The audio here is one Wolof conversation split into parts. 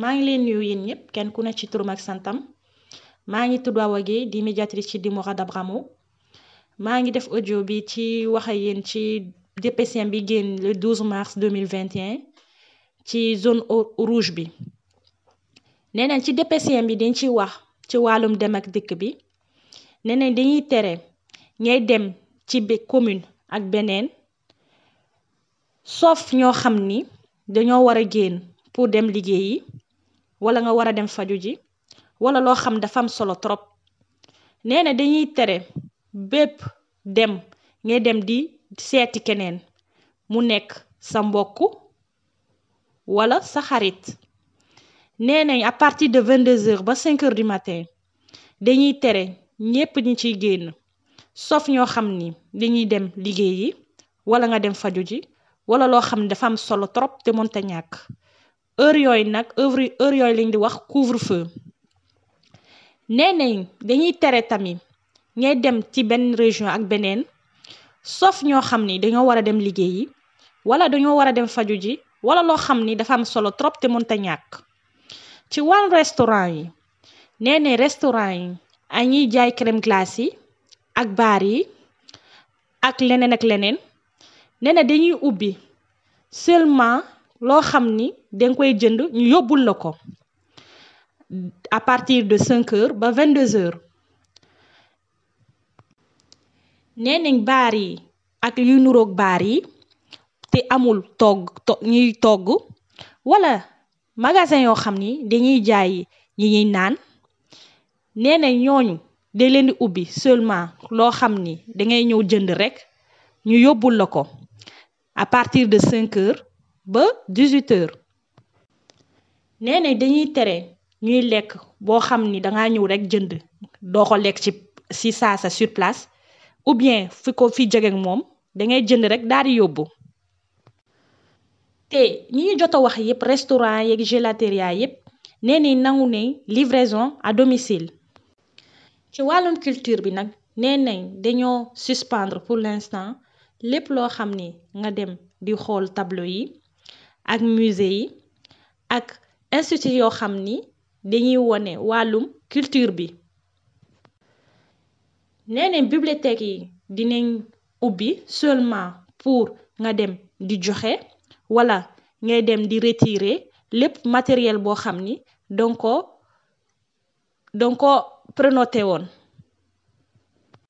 maa ngi leen nuyu yéen ñëpp kenn ku ne ci turam ak santam maa ngi tudd Awa Guèye di médiatrice ci Dimbourada Bramo maa ngi def audio bi ci wax ak yéen ci DPCM bi génn le 12 mars 2021 ci zone rouge bi nee nañ ci DPCM bi dañ ciy wax ci wàllum dem ak dëkk bi nee nañ dañuy tere ñay dem ci bi commune ak beneen sauf ñoo xam ni dañoo war a génn pour dem liggéeyi wala nga war a dem faju ji wala loo xam dafa am solo trop nee na dañuy tere bépp dem ngay dem di seeti keneen mu nekk sa mbokk wala sa xarit nee nañ à partir de 22h ba 5h du matin dañuy tere ñépp ñi ciy génn sauf ñoo xam ni dañuy dem liggéey yi wala nga dem faju ji wala loo xam dafa am solo trop te mënta ñàkk heure yooyu nag heure heure yooyu lañ di wax couvre-feu nee nañ dañuy tere tamit ñay dem ci benn région ak beneen sauf ñoo xam ni dañoo war a dem liggéey yi wala dañoo war a dem faju ji wala loo xam ni dafa am solo trop te mënta ñàkk ci wàllu restaurant yi neena nañ restaurant yi a ñuy jaay crème glace yi ak baar yi ak leneen ak leneen nee na dañuy ubbi seulement loo xam ni danga koy jënd ñu yóbbul la ko à partir de cinq heures ba vingt deux heures baar yi ak yu nuroog baar yi te amul togg to ñuy togg wala magasin yoo xam ni dañuy jaay yi ñuy naan nee nañ ñooñu da leen di ubbi seulement loo xam ni dangay ñëw jënd rek ñu yóbbul la ko à partir de cinq ba 18h nee na dañuy tere ñuy lekk boo xam ni dangaa ñëw rekk jënd doo ko lekk ci si saasa sur place ou bien fi ko fi jege moom da ngay jënd rek daal di yóbbu. te ñi ñu jot a wax yépp restaurant yeeg gélateria yépp nee nañ nangu ne livraison à domicile. ci wàllum culture bi nag nee nañ dañoo suspendre pour l'instant lépp loo xam ni nga dem di xool tableau yi ak musée yi ak institut yoo xam ni dañuy wone wàllum culture bi nee nañ bibliothèque yi dinañ ubbi seulement pour nga dem di joxe wala ngay dem di retirer lépp matériel boo xam ni donc ko donc woon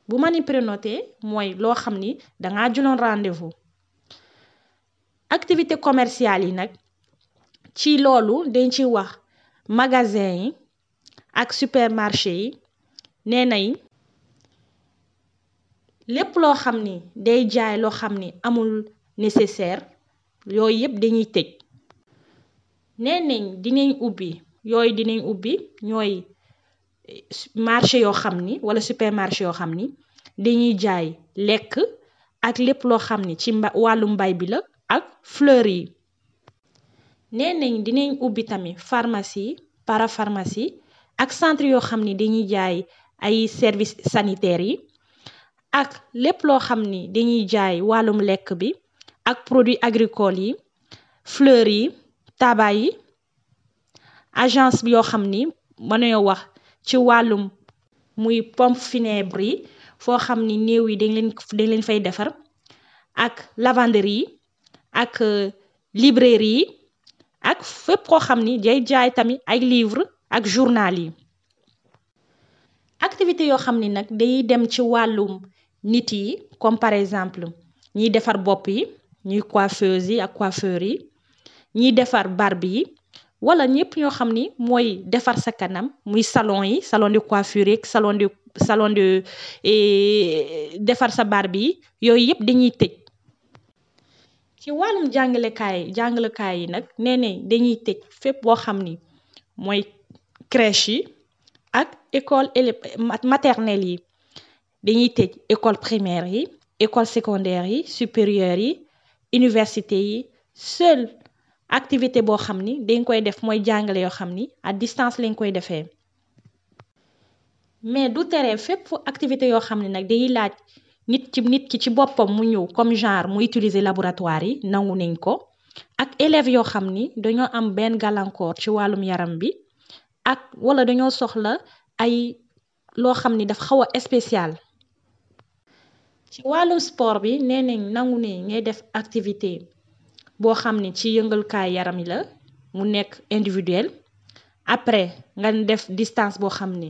bu ma ni prénoté mooy loo xam ni dangaa juloon rendez-vous activité commerciale yi nag ci loolu dañ ci wax magasin yi ak supermarché yi nee nañ lépp loo xam ni day jaay loo xam ni amul nécessaire yooyu yëpp dañuy tëj nee nañ dinañ ubbi yooyu dinañ ubbi ñooy marché yoo xam ni wala supermarché yoo xam ni dañuy jaay lekk ak lépp loo xam ni ci mba wàllu mbay bi la ak fleur yi nee nañ dinañ ubbi tamit pharmacie parapharmacie ak centre yoo xam ni dañuy jaay ay service sanitaire yi ak lépp loo xam ni dañuy jaay wàllum lekk bi ak produit agricole yi fleur yi taaba yi agence yoo xam ni mënoo wax ci wàllum muy pompe funèbre yi foo xam ni néew yi dañ leen dañ leen fay defar ak lavanderie yi ak euh, librairie yi ak fépp koo xam ni jay jaay tamit ay livre ak journal yi activité yoo xam ni nag day dem ci wàllum nit yi comme par exemple ñiy defar bopp yi ñuy coiffeuse yi ak coiffeur yi ñiy defar barbe yi wala ñëpp ñoo xam ni mooy defar sa kanam muy salon yi salon de coiffure yeeg salon de euh, defar sa barbe yi yooyu yëpp dañuy tëj ci wàllum jàngalekaay jàngalekaay yi nag nee nañ dañuy tëj fépp boo xam ni mooy crèche yi ak école élé maternelle yi dañuy tëj école primaire yi école secondaire yi supérieure yi université yi seule activité boo xam ni dañ koy def mooy jàngale yoo xam ni à distance lañ koy defee mais du tere fépp fu activité yoo xam ne nag dañuy laaj nit ci nit ki ci boppam mu ñëw comme genre mu utiliser laboratoire yi nangu nañ ko ak élèves yoo xam ni dañoo am benn gàllankoor ci wàllum yaram bi ak walla dañoo soxla ay loo xam ni dafa xaw a spécial. ci wàllum sport bi nee nañ nangu ne ngay def activité boo xam ni ci yëngalukaay yaram yi la mu nekk individuel après nga def distance boo xam ni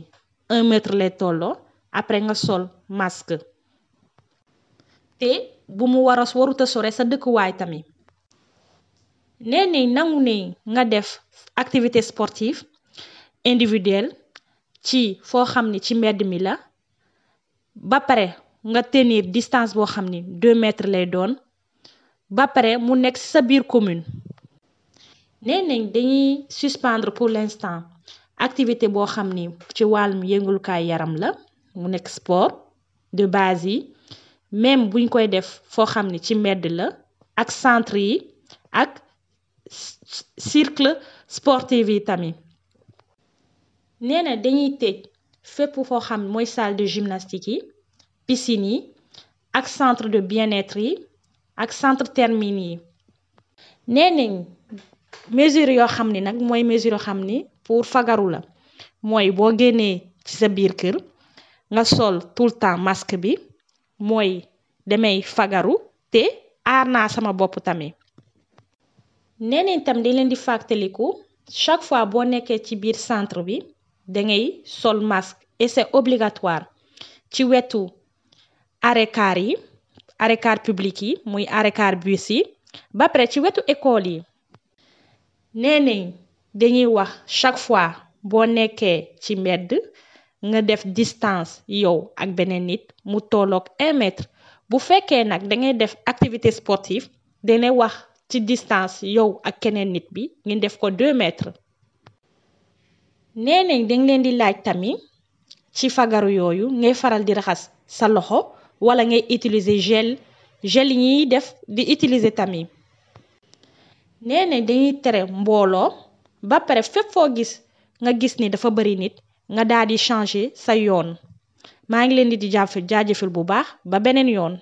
un mètre lay tolloo après nga sol masque. te bu mu war a warut a sore sa dëkkuwaay tamit nee nañ nangu ni nga def activité sportive individuelle ci foo xam ni ci medd mi la ba pare nga tenir distance boo xam ni deux mètres lay doon ba pare mu nekk ci sa biir commune nee dañuy suspendre pour l'instant activité boo xam ni ci wàllum yëngalukaay yaram la mu nekk sport de base même buñ koy def foo xam ne ci mbedd la ak centre yi ak cercle sportif yi tamit nee dañuy tëj fépp foo xam mooy salle de gymnastique yi piscine yi ak centre de bien yi ak centre termine yi nee nañ mesure yoo xam ni nag mooy mesure yoo xam ni pour fagaru la mooy boo génnee ci sa biir kër nga sol tout temps masque bi mooy damay fagaru te aar naa sama bopp tamit. neneen tam di leen di fàttaliku chaque fois boo nekkee ci biir centre bi dangay sol masque et c'est obligatoire ci wetu arrêt yi arrêt car yi muy arrêt car bus yi ba pare ci wetu école yi. nee nañ wax chaque fois boo nekkee ci mbedd nga def distance yow ak beneen nit mu tolloog un mètre bu fekkee nag dangay def activité sportive dina wax ci distance yow ak keneen nit bi ngeen def ko deux mètres. nee nañ leen di laaj tamit ci fagaru yooyu ngay faral di raxas sa loxo wala ngay utiliser gel gel yi ñuy def di utiliser tamit. nee nañ dañuy tere mbooloo ba pare fépp foo gis nga gis ni dafa bari nit. nga daal di changer sa yoon maa ngi leen di di jaajëfal bu baax ba beneen yoon.